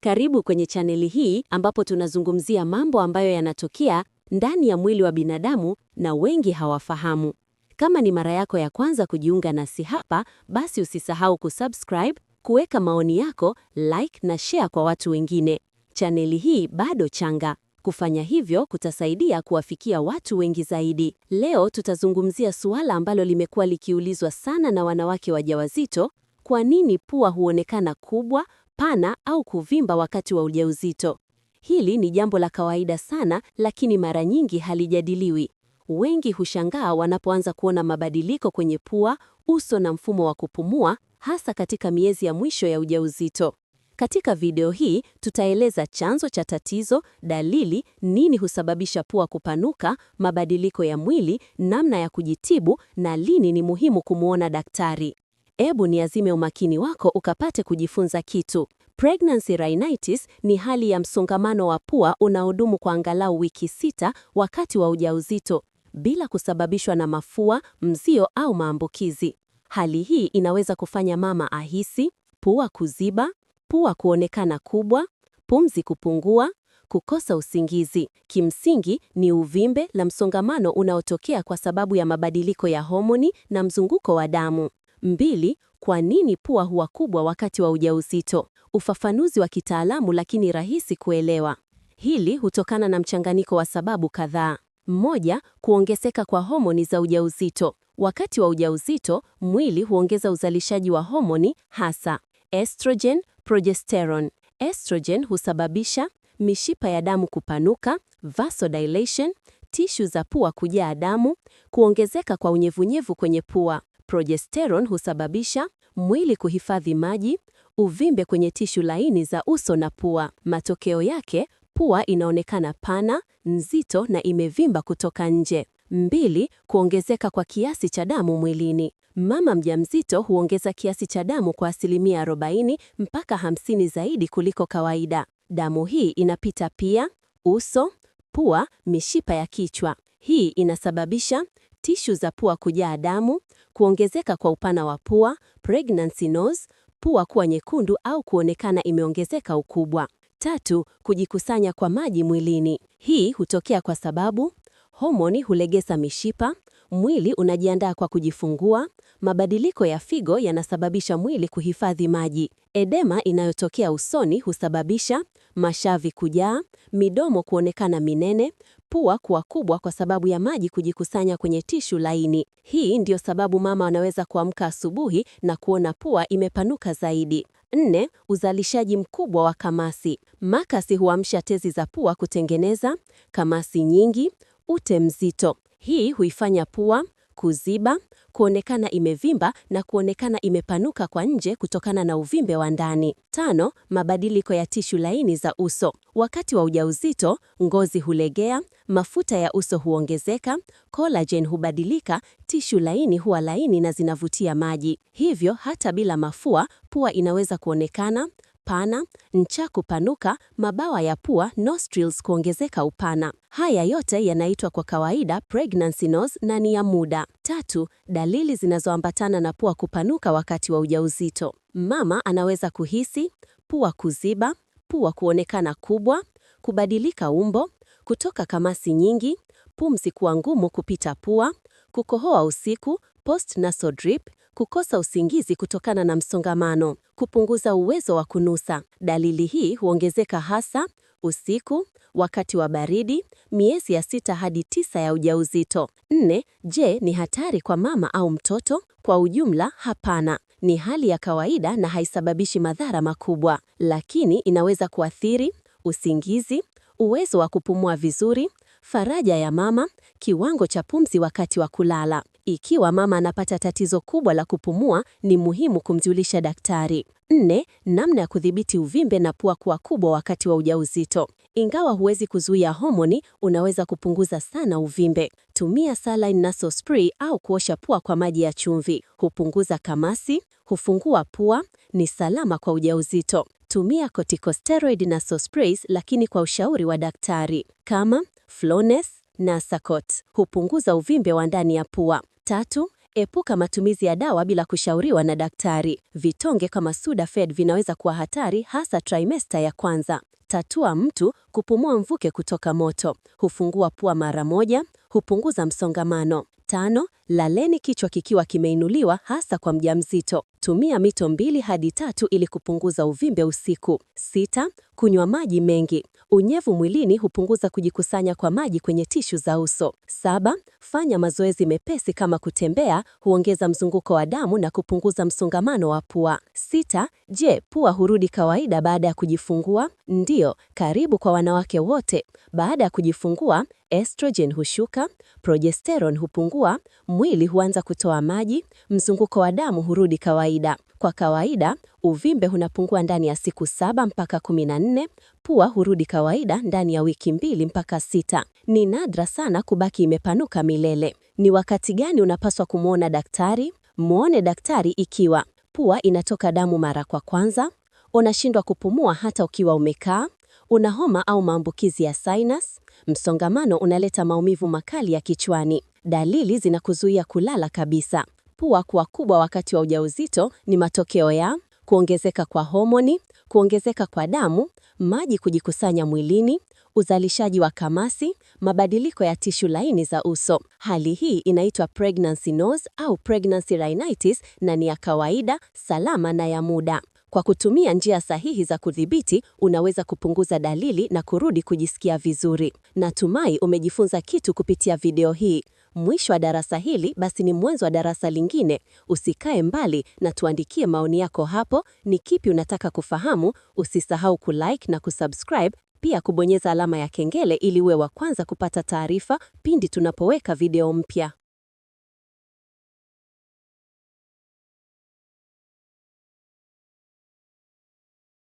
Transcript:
Karibu kwenye chaneli hii ambapo tunazungumzia mambo ambayo yanatokea ndani ya mwili wa binadamu na wengi hawafahamu. Kama ni mara yako ya kwanza kujiunga nasi hapa, basi usisahau kusubscribe, kuweka maoni yako, like na share kwa watu wengine. Chaneli hii bado changa. Kufanya hivyo kutasaidia kuwafikia watu wengi zaidi. Leo tutazungumzia suala ambalo limekuwa likiulizwa sana na wanawake wajawazito: kwa nini pua huonekana kubwa, pana au kuvimba wakati wa ujauzito. Hili ni jambo la kawaida sana, lakini mara nyingi halijadiliwi. Wengi hushangaa wanapoanza kuona mabadiliko kwenye pua, uso na mfumo wa kupumua, hasa katika miezi ya mwisho ya ujauzito. Katika video hii tutaeleza chanzo cha tatizo, dalili, nini husababisha pua kupanuka, mabadiliko ya mwili, namna ya kujitibu na lini ni muhimu kumwona daktari. Ebu niazime umakini wako ukapate kujifunza kitu. Pregnancy rhinitis ni hali ya msongamano wa pua unaodumu kwa angalau wiki sita wakati wa ujauzito bila kusababishwa na mafua, mzio au maambukizi. Hali hii inaweza kufanya mama ahisi pua kuziba, pua kuonekana kubwa, pumzi kupungua, kukosa usingizi. Kimsingi ni uvimbe la msongamano unaotokea kwa sababu ya mabadiliko ya homoni na mzunguko wa damu. Mbili, kwa nini pua huwa kubwa wakati wa ujauzito? Ufafanuzi wa kitaalamu lakini rahisi kuelewa. Hili hutokana na mchanganyiko wa sababu kadhaa. Moja, kuongezeka kwa homoni za ujauzito. Wakati wa ujauzito, mwili huongeza uzalishaji wa homoni hasa estrogen, progesterone. Estrogen husababisha mishipa ya damu kupanuka, vasodilation, tishu za pua kujaa damu, kuongezeka kwa unyevunyevu kwenye pua. Progesterone husababisha mwili kuhifadhi maji, uvimbe kwenye tishu laini za uso na pua. Matokeo yake, pua inaonekana pana, nzito na imevimba kutoka nje. Mbili, kuongezeka kwa kiasi cha damu mwilini. Mama mjamzito huongeza kiasi cha damu kwa asilimia 40 mpaka 50 zaidi kuliko kawaida. Damu hii inapita pia uso, pua, mishipa ya kichwa. Hii inasababisha tishu za pua kujaa damu, kuongezeka kwa upana wa pua, pregnancy nose, pua kuwa nyekundu au kuonekana imeongezeka ukubwa. Tatu, kujikusanya kwa maji mwilini. Hii hutokea kwa sababu homoni hulegesa mishipa, mwili unajiandaa kwa kujifungua, mabadiliko ya figo yanasababisha mwili kuhifadhi maji. Edema inayotokea usoni husababisha mashavi kujaa, midomo kuonekana minene, pua kuwa kubwa kwa sababu ya maji kujikusanya kwenye tishu laini. Hii ndiyo sababu mama anaweza kuamka asubuhi na kuona pua imepanuka zaidi. Nne, uzalishaji mkubwa wa kamasi. Makasi huamsha tezi za pua kutengeneza kamasi nyingi, ute mzito. Hii huifanya pua kuziba, kuonekana imevimba na kuonekana imepanuka kwa nje kutokana na uvimbe wa ndani. Tano, mabadiliko ya tishu laini za uso. Wakati wa ujauzito, ngozi hulegea, mafuta ya uso huongezeka, collagen hubadilika, tishu laini huwa laini na zinavutia maji. Hivyo hata bila mafua, pua inaweza kuonekana, upana, ncha kupanuka, mabawa ya pua nostrils kuongezeka upana. Haya yote yanaitwa kwa kawaida pregnancy nose na ni ya muda. Tatu, dalili zinazoambatana na pua kupanuka wakati wa ujauzito. Mama anaweza kuhisi pua kuziba, pua kuonekana kubwa, kubadilika umbo, kutoka kamasi nyingi, pumzi kuwa ngumu kupita pua, kukohoa usiku, post nasal drip, kukosa usingizi kutokana na msongamano, kupunguza uwezo wa kunusa. Dalili hii huongezeka hasa usiku, wakati wa baridi, miezi ya sita hadi tisa ya ujauzito. Nne, je, ni hatari kwa mama au mtoto? Kwa ujumla, hapana. Ni hali ya kawaida na haisababishi madhara makubwa, lakini inaweza kuathiri usingizi, uwezo wa kupumua vizuri, faraja ya mama, kiwango cha pumzi wakati wa kulala. Ikiwa mama anapata tatizo kubwa la kupumua, ni muhimu kumjulisha daktari. Nne, namna ya kudhibiti uvimbe na pua kuwa kubwa wakati wa ujauzito. Ingawa huwezi kuzuia homoni, unaweza kupunguza sana uvimbe. Tumia saline nasal spray au kuosha pua kwa maji ya chumvi. Hupunguza kamasi, hufungua pua, ni salama kwa ujauzito. Tumia corticosteroid nasal sprays lakini kwa ushauri wa daktari, kama Flonase na Hupunguza uvimbe wa ndani ya pua. Tatu, epuka matumizi ya dawa bila kushauriwa na daktari. Vitonge kama Sudafed vinaweza kuwa hatari, hasa trimester ya kwanza. Tatua mtu kupumua mvuke kutoka moto, hufungua pua mara moja, hupunguza msongamano. Tano, laleni kichwa kikiwa kimeinuliwa, hasa kwa mjamzito. Tumia mito mbili hadi tatu ili kupunguza uvimbe usiku. Sita, kunywa maji mengi. Unyevu mwilini hupunguza kujikusanya kwa maji kwenye tishu za uso. Saba, fanya mazoezi mepesi kama kutembea, huongeza mzunguko wa damu na kupunguza msongamano wa pua. Sita, je, pua hurudi kawaida baada ya kujifungua? Ndiyo, karibu kwa wanawake wote. Baada ya kujifungua, estrogen hushuka, progesterone hupungua, mwili huanza kutoa maji, mzunguko wa damu hurudi kawaida kawaida. Kwa kawaida, uvimbe unapungua ndani ya siku saba mpaka kumi na nne. Pua hurudi kawaida ndani ya wiki mbili mpaka sita. Ni nadra sana kubaki imepanuka milele. Ni wakati gani unapaswa kumwona daktari? Mwone daktari ikiwa pua inatoka damu mara kwa kwanza, unashindwa kupumua hata ukiwa umekaa, una homa au maambukizi ya sinus, msongamano unaleta maumivu makali ya kichwani. Dalili zinakuzuia kulala kabisa kupua kuwa kubwa wakati wa ujauzito ni matokeo ya kuongezeka kwa homoni, kuongezeka kwa damu, maji kujikusanya mwilini, uzalishaji wa kamasi, mabadiliko ya tishu laini za uso. Hali hii inaitwa pregnancy nose au pregnancy rhinitis na ni ya kawaida, salama na ya muda. Kwa kutumia njia sahihi za kudhibiti, unaweza kupunguza dalili na kurudi kujisikia vizuri. Natumai umejifunza kitu kupitia video hii mwisho wa darasa hili basi ni mwanzo wa darasa lingine. Usikae mbali na tuandikie maoni yako hapo, ni kipi unataka kufahamu. Usisahau kulike na kusubscribe, pia kubonyeza alama ya kengele ili uwe wa kwanza kupata taarifa pindi tunapoweka video mpya.